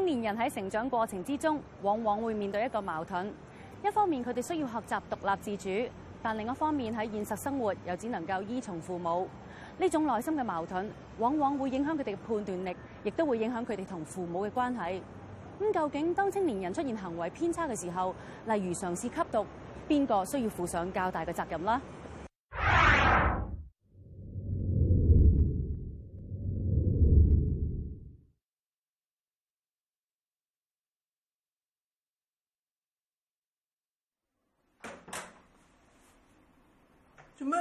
青年人喺成長過程之中，往往會面對一個矛盾：一方面佢哋需要學習獨立自主，但另一方面喺現實生活又只能夠依從父母。呢種內心嘅矛盾，往往會影響佢哋嘅判斷力，亦都會影響佢哋同父母嘅關係。咁究竟當青年人出現行為偏差嘅時候，例如嘗試吸毒，邊個需要負上較大嘅責任呢？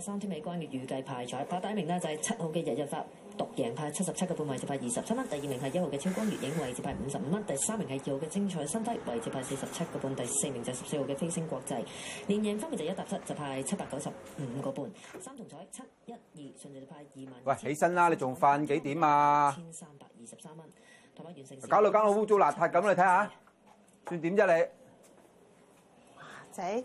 三千美金嘅預計派彩，排第一名呢就係七號嘅日日發獨贏，派七十七個半，位置派二十七蚊；第二名係一號嘅超光月影，位置派五十五蚊；第三名係九號嘅精彩新低，位置派四十七個半；第四名就係十四號嘅飛星國際連贏，分別就一搭七，就派七百九十五個半。三重彩七一二順序就派二萬。喂，起身啦！你仲瞓幾點啊？千三百二十三蚊，同埋完成。搞到間屋污糟邋遢咁，你睇下算點啫你？麻仔。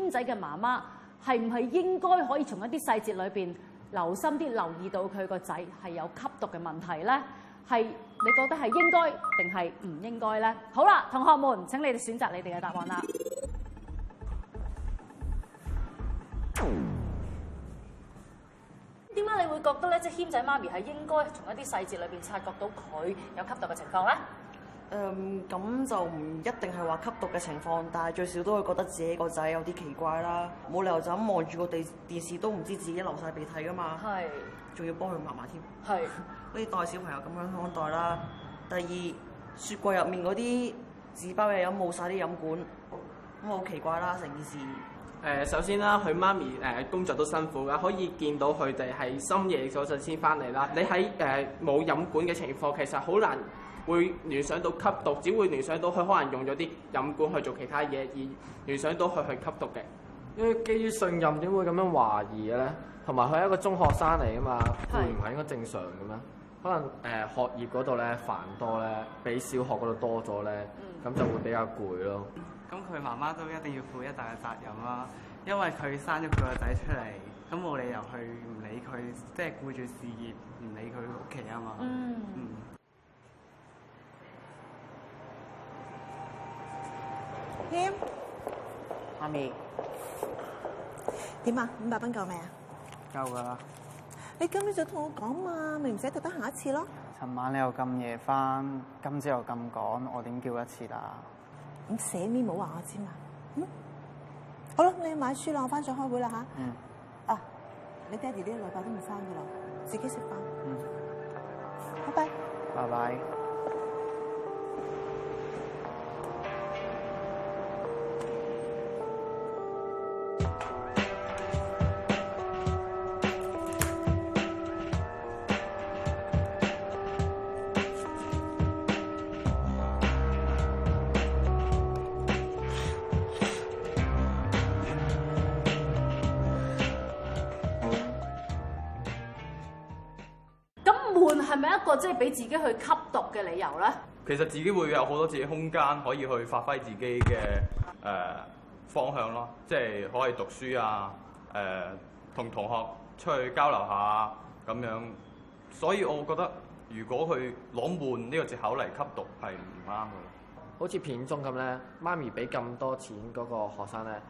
謙仔嘅媽媽係唔係應該可以從一啲細節裏邊留心啲留意到佢個仔係有吸毒嘅問題咧？係，你覺得係應該定係唔應該咧？好啦，同學們，請你哋選擇你哋嘅答案啦。點解 你會覺得咧，即係謙仔媽咪係應該從一啲細節裏邊察覺到佢有吸毒嘅情況咧？誒咁、嗯、就唔一定係話吸毒嘅情況，但係最少都會覺得自己個仔有啲奇怪啦，冇理由就咁望住個地電視都唔知自己流晒鼻涕噶嘛，係的，仲要幫佢抹抹添，係的，可以待小朋友咁樣看待啦。第二，雪櫃入面嗰啲紙包嘢有冇晒啲飲管，咁好奇怪啦成件事。誒、呃、首先啦，佢媽咪誒、呃、工作都辛苦噶，可以見到佢哋係深夜嗰陣先翻嚟啦。你喺誒冇飲管嘅情況，其實好難。會聯想到吸毒，只會聯想到佢可能用咗啲飲管去做其他嘢，而聯想到佢去吸毒嘅。因為基於信任，點會咁樣懷疑咧？同埋佢係一個中學生嚟噶嘛，佢唔係應該正常嘅咩？可能誒、呃、學業嗰度咧繁多咧，比小學嗰度多咗咧，咁、嗯、就會比較攰咯。咁佢媽媽都一定要負一大嘅責任啦、啊，因為佢生咗佢個仔出嚟，咁冇理由去唔理佢，即係顧住事業唔理佢屋企啊嘛。嗯。嗯添，媽咪點啊？五百蚊夠未了啊？夠㗎啦！你今日就同我講嘛，咪唔使特登下一次咯。尋晚你又咁夜翻，今朝又咁趕，我點叫一次啊？咁寫面冇話我知啊！嗯。好啦，你去買書啦，我翻咗開會啦吓！嗯。啊，嗯、啊你爹哋呢個禮拜都唔翻㗎啦，自己食飯。嗯。拜拜。拜拜。係咪一個即係俾自己去吸毒嘅理由咧？其實自己會有好多自己空間可以去發揮自己嘅誒、呃、方向咯，即係可以讀書啊，誒、呃、同同學出去交流下咁樣。所以我覺得如果去攞悶呢個藉口嚟吸毒係唔啱嘅。好似片中咁咧，媽咪俾咁多錢嗰個學生咧，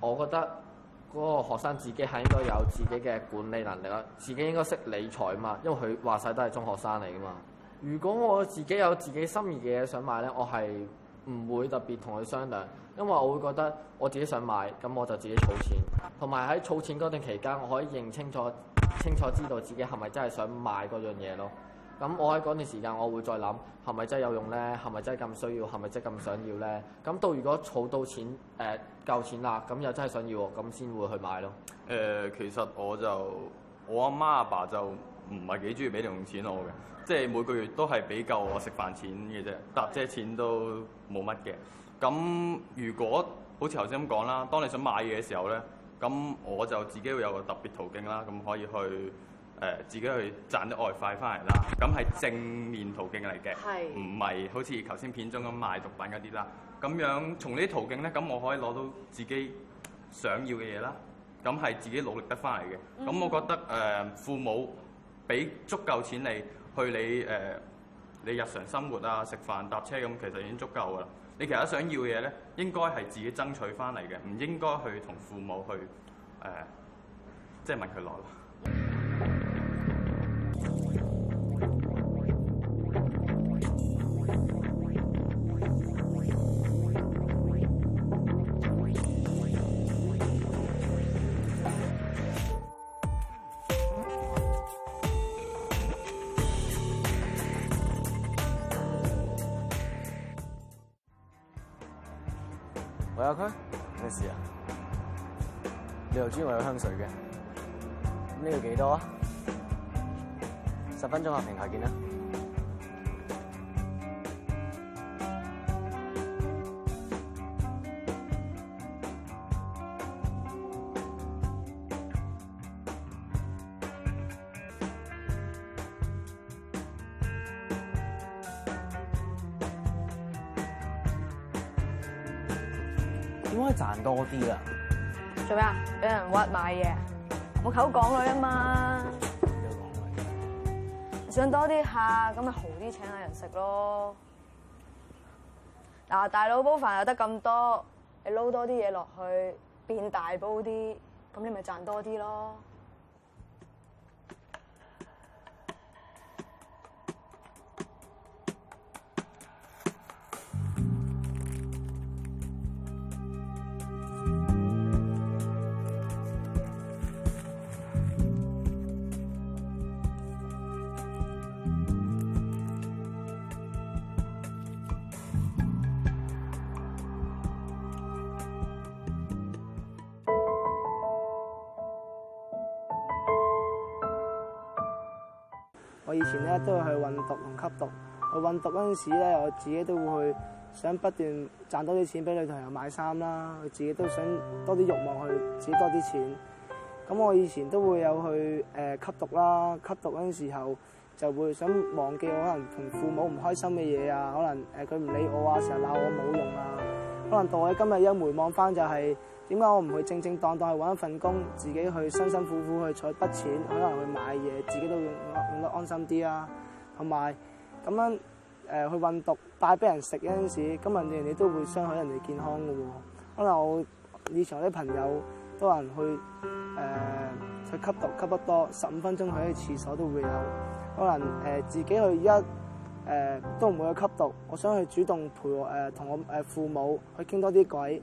我覺得。嗰個學生自己係應該有自己嘅管理能力啦，自己應該識理財嘛，因為佢話晒都係中學生嚟噶嘛。如果我自己有自己心儀嘅嘢想買呢，我係唔會特別同佢商量，因為我會覺得我自己想買，咁我就自己儲錢，同埋喺儲錢嗰段期間，我可以認清楚、清楚知道自己係咪真係想買嗰樣嘢咯。咁我喺嗰段時間，我會再諗係咪真係有用咧？係咪真係咁需要？係咪真係咁想要咧？咁到如果儲到錢，誒夠錢啦，咁又真係想要，咁先會去買咯。誒，其實我就我阿媽阿爸就唔係幾中意俾零用錢我嘅，即係每個月都係俾夠我食飯錢嘅啫，搭車錢都冇乜嘅。咁如果好似頭先咁講啦，當你想買嘢嘅時候咧，咁我就自己會有個特別途徑啦，咁可以去。誒、呃、自己去賺啲外快翻嚟啦，咁係正面途徑嚟嘅，唔係是好似頭先片中咁賣毒品嗰啲啦。咁樣從呢啲途徑咧，咁我可以攞到自己想要嘅嘢啦。咁係自己努力得翻嚟嘅。咁、嗯、我覺得誒、呃、父母俾足夠錢你去你誒、呃、你日常生活啊、食飯搭車咁，其實已經足夠㗎啦。你其他想要嘅嘢咧，應該係自己爭取翻嚟嘅，唔應該去同父母去誒，即、呃、係、就是、問佢攞啦。阿哥，咩、okay? 事啊？你又知我有香水嘅？咁呢個幾多啊？十分鐘後平台見啦。點解賺多啲啦。做咩啊？俾人屈買嘢， 我口講佢啊嘛。 你想多啲客，咁咪豪啲請下人食咯。嗱，大佬煲飯又得咁多，你撈多啲嘢落去，變大煲啲，咁你咪賺多啲咯。我以前咧都會去運毒同吸毒，去運毒嗰陣時咧，我自己都會去想不斷賺多啲錢俾女朋友買衫啦。佢自己都想多啲慾望，去自己多啲錢。咁我以前都會有去誒、呃、吸毒啦，吸毒嗰陣時候就會想忘記我可能同父母唔開心嘅嘢啊，可能誒佢唔理我啊，成日鬧我冇用啊。可能到我今日一回望返就係、是。點解我唔去正正當當去搵一份工，自己去辛辛苦苦去取筆錢，可能去買嘢，自己都用，用得安心啲啊！同埋咁樣誒、呃、去運毒，帶俾人食嗰陣時，咁人哋你都會傷害人哋健康㗎喎。可能我以前啲朋友都有人去誒、呃、去吸毒吸得多，十五分鐘佢喺廁所都會有。可能誒、呃、自己去一誒、呃、都唔會去吸毒，我想去主動陪誒同我誒、呃呃、父母去傾多啲鬼。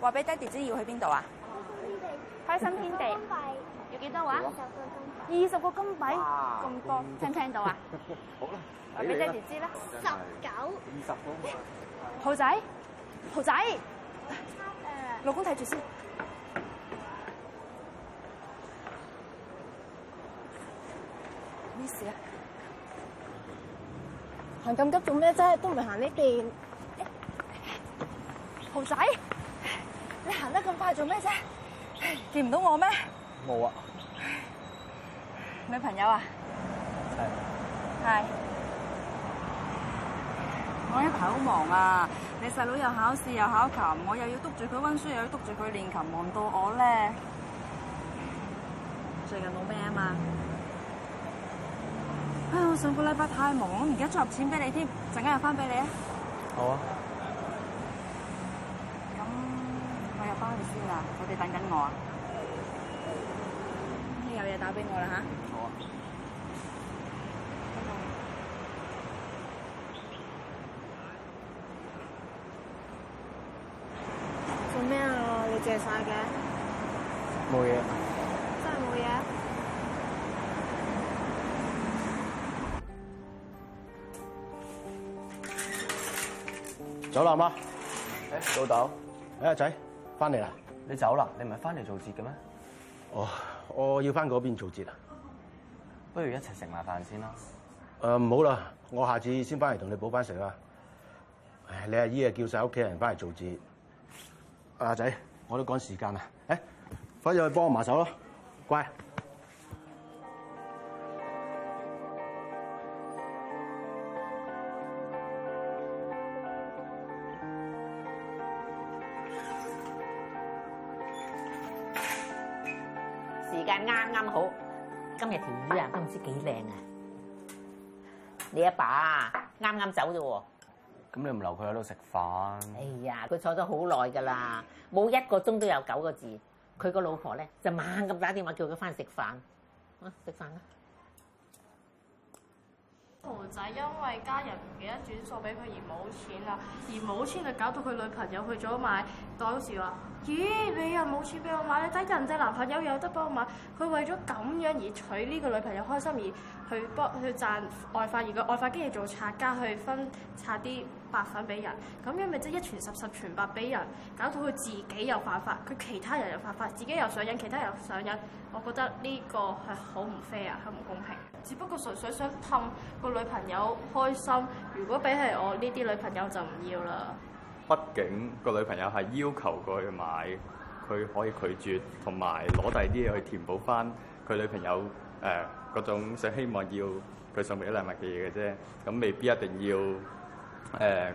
話俾爹哋知要去邊度啊？開心天地，開心天地，要幾多話？二十個金幣，二十個金幣，咁多，聽唔聽到啊？好啦，話俾爹哋知啦。十九，二十個，豪仔，豪仔，老公睇住先。咩事啊？行咁急做咩啫？都唔係行呢邊，豪仔。你行得咁快做咩啫？見唔到我咩？冇啊。女朋友啊？係。係。我一排好忙啊！你細佬又考試又考琴，我又要督住佢溫書，又要督住佢練琴，忙到我咧。最近冇咩啊嘛？唉，我上個禮拜太忙，而家入錢俾你添，陣間又翻俾你啊。好啊。我哋等緊我，啊，你有嘢打俾我啦吓。好啊。做咩啊？你借晒嘅。冇嘢。真係冇嘢。走啦媽。誒、欸，老豆。誒、欸，阿仔，翻嚟啦。你走啦，你唔係翻嚟做節嘅咩？哦，我要翻嗰邊做節啊！不如一齊食埋飯先啦。誒唔、呃、好啦，我下次先翻嚟同你補返食啦。你阿姨啊叫晒屋企人翻嚟做節。阿、啊、仔，我都趕時間啊！誒，快啲去幫我埋手咯，乖。啱啱好，今日條魚啊都唔知幾靚啊！你阿爸啱啱走啫喎，咁你唔留佢喺度食飯？哎呀，佢坐咗好耐噶啦，冇一個鐘都有九個字。佢個老婆咧就猛咁打電話叫佢翻去食飯，食飯啦！僕仔因為家人唔記得轉數俾佢而冇錢啦，而冇錢就搞到佢女朋友去咗買袋薯啊！咦，你又冇錢俾我買？你睇人哋男朋友有得幫我買，佢為咗咁樣而取呢個女朋友開心而，而去幫去賺外快，而個外快經係做拆家去分拆啲白粉俾人，咁樣咪即係一傳十十傳百俾人，搞到佢自己又犯法，佢其他人又犯，犯法，自己又上癮，其他人又上癮。我覺得呢個係好唔 fair，好唔公平。只不過純粹想氹個女朋友開心，如果俾係我呢啲女朋友就唔要啦。畢竟、個女朋友係要求佢去買，佢可以拒絕，同埋攞第二啲嘢去填補返佢女朋友誒嗰、呃、種想希望要佢送俾啲禮物嘅嘢嘅啫。咁未必一定要誒，即、呃、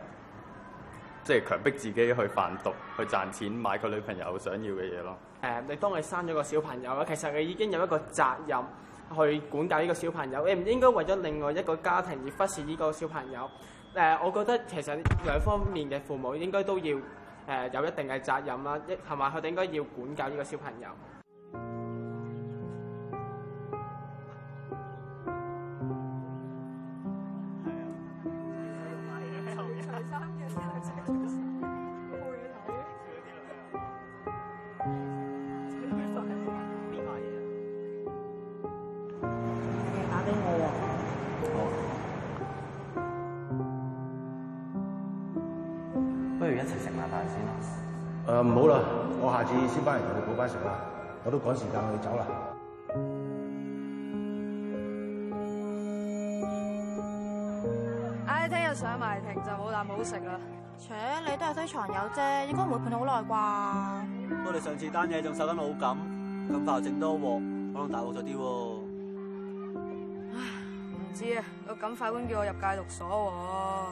係、就是、強迫自己去販毒，去賺錢買佢女朋友想要嘅嘢咯。誒、呃，你當你生咗個小朋友咧，其實你已經有一個責任去管教呢個小朋友，你唔應該為咗另外一個家庭而忽視呢個小朋友。誒、呃、我覺得其實兩方面嘅父母應該都要誒、呃、有一定嘅責任啦，一係話，佢哋應該要管教呢個小朋友。下次先翻嚟同你補翻食啦，我都趕時間去走啦。唉，聽日上埋庭就冇啖好食啦。切，你都係推床友啫，應該唔會判好耐啩。不過我上次單嘢仲受緊好感，咁快又整多鑊，可能大鑊咗啲。唉，唔知啊，個感化官叫我入戒毒所喎、啊，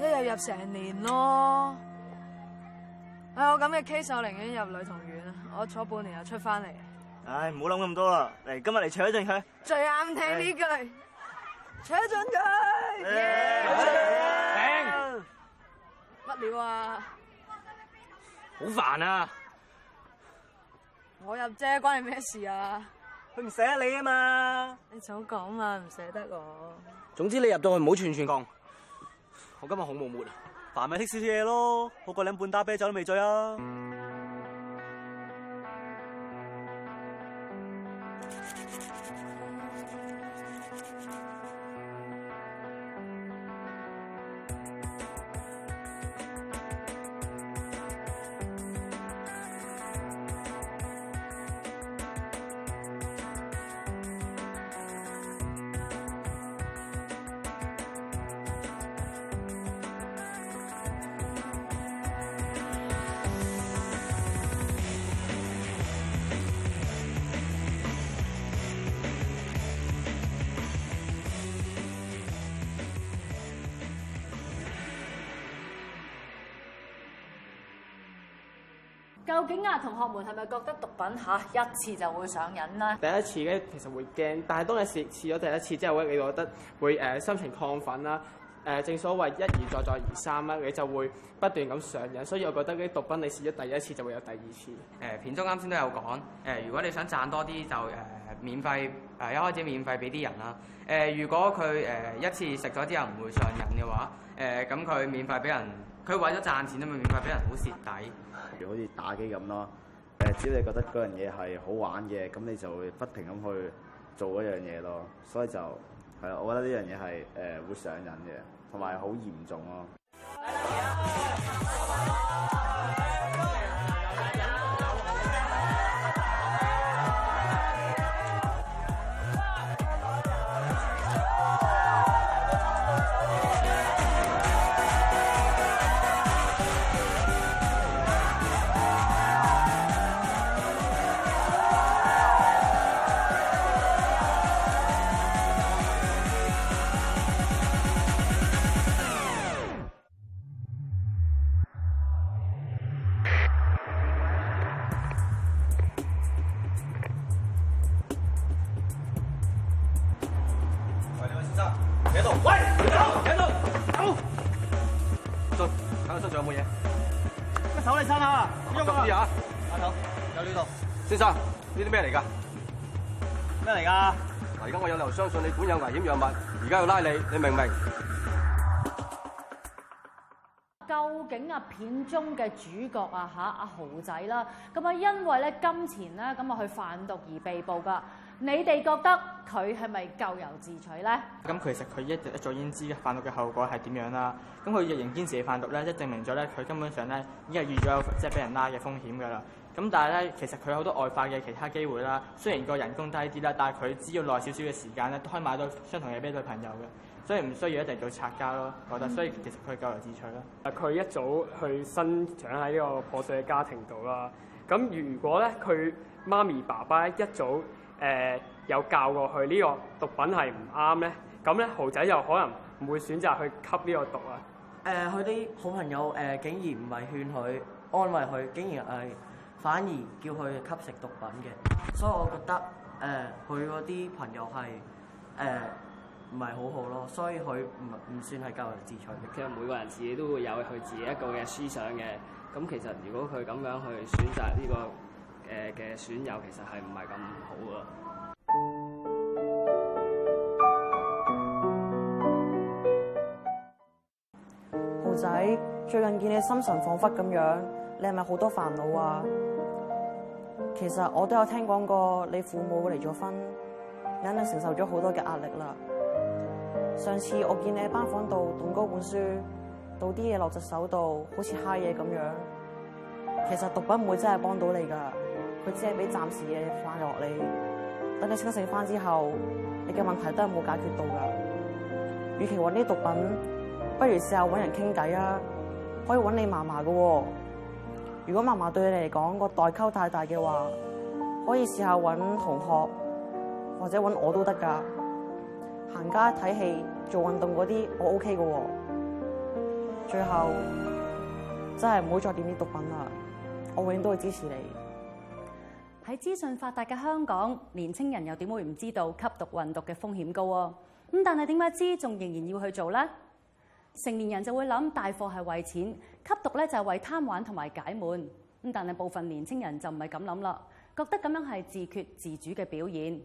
一日入成年咯。唉，我咁嘅 K 秀寧願入女童院啊！我坐半年又出翻嚟。唉，唔好諗咁多啦。嚟今日嚟扯進佢。最啱聽呢句，扯進佢。乜料啊？好煩啊！我入遮關你咩事啊？佢唔捨得你啊嘛。你早講啊嘛，唔捨得我。總之你入到去唔好串串槓。我今日好無末啊！煩咪吃少少嘢咯，好過你飲半打啤酒都未醉啊！究竟啊，同學們係咪覺得毒品吓一次就會上癮咧？第一次咧其實會驚，但係當你試試咗第一次之後咧，你覺得會誒、呃、心情亢奮啦，誒、呃、正所謂一而再再而三啦，你就會不斷咁上癮。所以我覺得啲毒品你試咗第一次就會有第二次。誒片中啱先都有講誒、呃，如果你想賺多啲就誒、呃、免費。一開始免費俾啲人啦，誒、呃、如果佢誒、呃、一次食咗之後唔會上癮嘅話，誒咁佢免費俾人，佢為咗賺錢啊嘛，免費俾人好蝕底，譬如好似打機咁咯。誒只要你覺得嗰樣嘢係好玩嘅，咁你就會不停咁去做嗰樣嘢咯。所以就係啊，我覺得呢樣嘢係誒會上癮嘅，同埋好嚴重咯。 點樣問？而家要拉你，你明唔明？究竟啊，片中嘅主角啊，吓，阿豪仔啦，咁啊，因為咧金錢啦，咁啊去販毒而被捕噶。你哋覺得佢係咪咎由自取咧？咁其實佢一，一早已知販毒嘅後果係點樣啦？咁佢仍然堅持嘅販毒咧，即係證明咗咧，佢根本上咧已經係預咗，即係俾人拉嘅風險噶啦。咁但係咧，其實佢有好多外快嘅其他機會啦。雖然個人工低啲啦，但係佢只要耐少少嘅時間咧，都可以買到相同嘢俾女朋友嘅，所以唔需要一定做拆家咯。我覺得所以其實佢咎由自取啦。佢、嗯、一早去生長喺呢個破碎嘅家庭度啦。咁如果咧，佢媽咪爸爸一早誒有教過佢呢個毒品係唔啱咧，咁咧豪仔又可能唔會選擇去吸呢個毒啊。誒、呃，佢啲好朋友誒、呃，竟然唔係勸佢、安慰佢，竟然係～反而叫佢吸食毒品嘅，所以我覺得誒，佢嗰啲朋友係誒唔係好好咯，所以佢唔唔算係咎由自取嘅。其實每個人自己都會有佢自己一個嘅思想嘅。咁其實如果佢咁樣去選擇呢個誒嘅損友，其實是是，係唔係咁好噶？豪仔，最近見你心神恍惚咁樣，你係咪好多煩惱啊？其實我都有聽講過，你父母離咗婚，等你承受咗好多嘅壓力啦。上次我見你喺班房度讀嗰本書，到啲嘢落隻手度，好似嗨嘢咁樣。其實毒品唔會真係幫到你噶，佢只係俾暫時嘢翻落嚟。等你清醒翻之後，你嘅問題都係冇解決到噶。與其揾啲毒品，不如試下揾人傾偈啊，可以揾你嫲嫲噶。如果嫲嫲對你嚟講個代溝太大嘅話，可以試下揾同學或者揾我都得㗎。行街、睇戲、做運動嗰啲我 OK 嘅喎。最後真係唔好再掂啲毒品啦！我永遠都會支持你。喺資訊發達嘅香港，年輕人又點會唔知道吸毒、運毒嘅風險高啊？咁但係點解知仲仍然要去做咧？成年人就會諗大貨係為錢。吸毒咧就係為貪玩同埋解悶，咁但係部分年青人就唔係咁諗啦，覺得咁樣係自決自主嘅表現。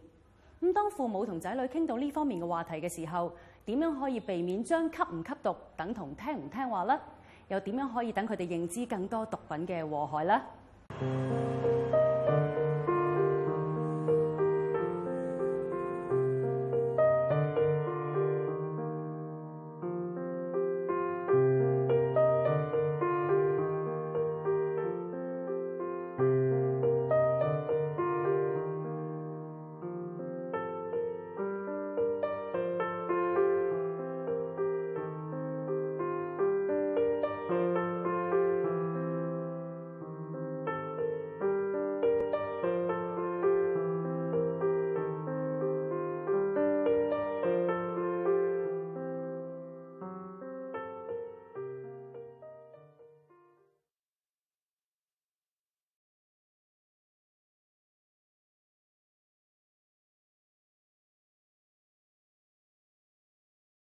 咁當父母同仔女傾到呢方面嘅話題嘅時候，點樣可以避免將吸唔吸毒等同聽唔聽話咧？又點樣可以等佢哋認知更多毒品嘅禍害咧？嗯